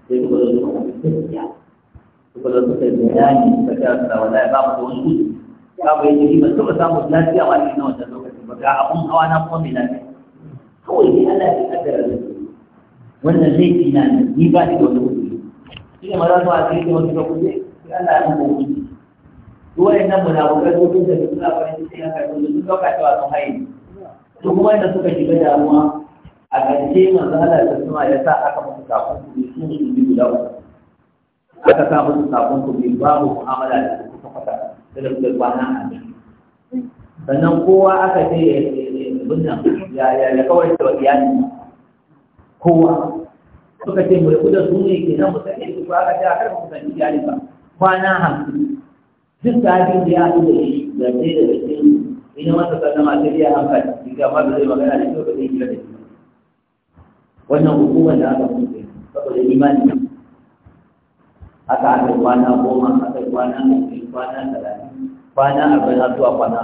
sai suka zo suka kuma suka yi bayani suka ce ya ba mu da wani gudu babu yadda ni ban taɓa samun lafiya wa ne na wannan lokacin ba ga abun hawa na kuma mai lafiya kawai ne Allah ya kaddara da wannan zai laifi na ne ni ba ni da wani kuɗi shi ne maza zuwa sai da wani kuɗi sai Allah ya Ko kuɗi duk wa'annan munafukai ko duk da su suna yi, ciki ya karɓi da sun ɗauka cewa sun haye duk kuma inda suka shiga damuwa a ƙarshe manzo Allah ya suma ya sa aka musu kafin kuɗi sun su bi guda uku aka sa musu kafin kuɗi babu mu'amala da su irin bai kwana a ne sannan kowa aka ce ya abin nan ya ya kawai da iyali kowa suka ce mai kuda su ne ke nan mutane su ba ka ja kar ku san iyali ba kwana hamsin duk da abin da ya su da shi da ne da shi ina masa sallama sai ya hankali diga ma da zai magana da shi ba zai kira da shi wannan hukumar da aka mutu saboda imani aka aka kwana goma aka kwana kwana talatin kwana abin har zuwa kwana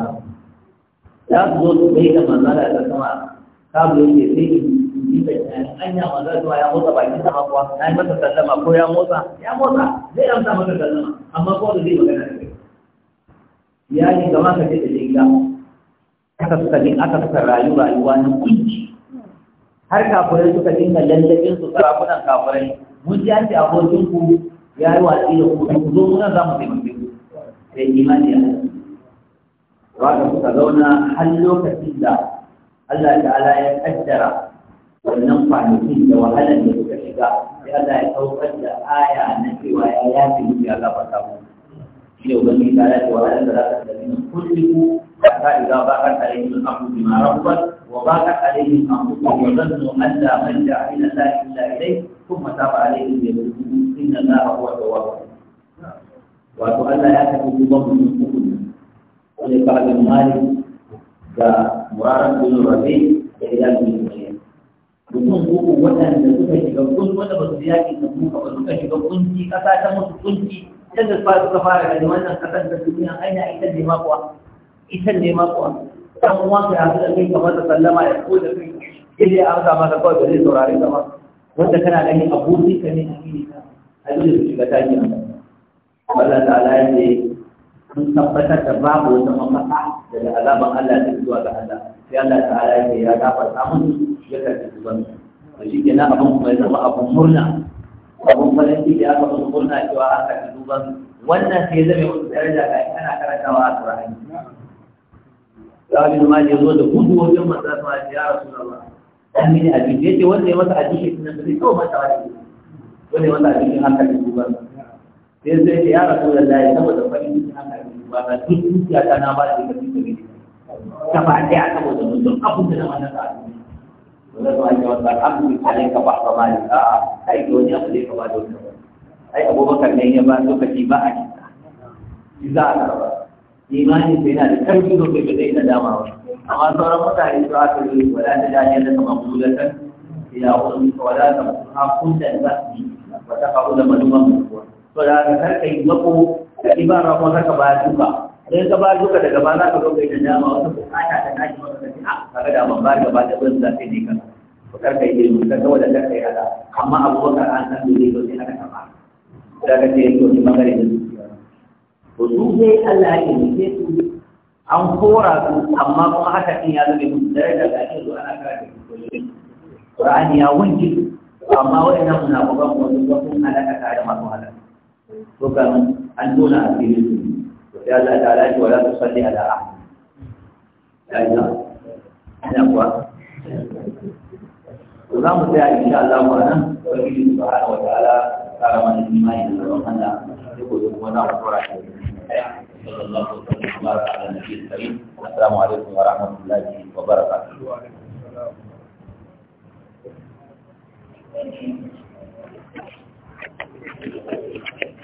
za su zo su bai da manzala da sama kabu yake sai in yi bayanin anya manzala zuwa ya motsa bakin sama kuwa na yi masa sallama ko ya motsa ya motsa zai amsa masa sallama amma ko da zai magana da kai ya yi gama ka ce da shi gida aka suka din aka suka rayu rayuwa na kunci har kafirai suka dinga lallabin su sarakunan kafirai mun ji an abokin ku ya yi watsi da ku zo muna za mu taimaka Sai imani a ku ba ka kuka zauna har lokacin da Allah ta'ala ya kaddara wannan kwanakin da wahalar da suka shiga sai Allah ya saukar da aya na cewa ya yafi miki Allah ba ta mun shi ne ubangi ta yafi wahalar da za ka da min kulli ku ba ka iga ba ka tare min abu bi ma rabbat wa ba ka tare min abu bi ma zannu Allah man ja'ina la ilaha illa ilai kuma ta ba alaihi bi yadda inna Allah huwa tawwabun wato Allah ya tafi duban mutum uku ne wani fa'abin mali ga murarar bin rabe da ila bin rabe mutum uku waɗanda suka shiga kun wanda ba su yaƙi ta buka ba suka shiga kunci ƙasa ta musu kunci yadda da suka fara gani wannan ƙasar da duniya aina ita ne makuwa. kuwa ita ne ma kuwa dan uwan ka ya da kai kamar da sallama ya ko da kai yadda ya amsa maka kawai ba zai saurare ka ba wanda kana gani ganin abokin ka ne a ne ka a dole su shiga taki a Allah ta'ala ya ce sun tabbatar da babu wata mafaka daga azaban Allah ta zuwa ga Allah sai Allah ta'ala ya ce ya gafarta samun ya su zuwan to shi ke nan abin kuma ya zama abin murna abin farin ciki aka abin murna cewa karfi su zuwan wannan sai zai wata daraja ga ana karantawa a Qur'ani Rabin ma ya zo da gudu wajen manzan ma ya rasu da ba. Dan mini abinci ya ce wanda ya masa a shi nan da zai kawo masa wani. Wanda ya masa abinci haka da duba. sai sai ce ya rasu da lai saboda farin cikin haka ba na duk dukiya ta na ba da ita fi sabi ta ba ɗaya saboda mutum abin da na mana ta wanda zuwa ke wata abu da ne ka ba ka mali a ai wani abu da ya kama da wata ai abubakar ne ya ba lokaci ba a kisa shi za a karba imanin sai yana da karfi da kai zai na dama ba amma sauran mutane su aka yi wala ta dani da kama bulatan ila wani wala ta ha kunta da ba ta kawo da maluman mutuwa to da karka yi mako da ibara ko ka ba duka ka ba duka daga ba za ka zo kai da dama wata bukata ta tashi maka ah, da ta a kaga da ban ba da ba da ban za ne yi kaza karka yi ilimi ka ga wanda karka yi hada amma abubakar an san dole to sai aka ba da ka ce to ki magare da su to su sai Allah ya yi sai su an kora su amma kuma haka ya zama musu daraja ga ake zuwa ana karanta Qur'ani ya amma da masu to an nuna asirin su to sai Allah ta alaƙi wa za su salli ala ahmad ya yi ina kuwa za mu tsaya insha Allah wa nan wani subhanahu wa ta'ala tsara mana imani da zaman Allah sai ko kuma za mu tsora shi Thank you.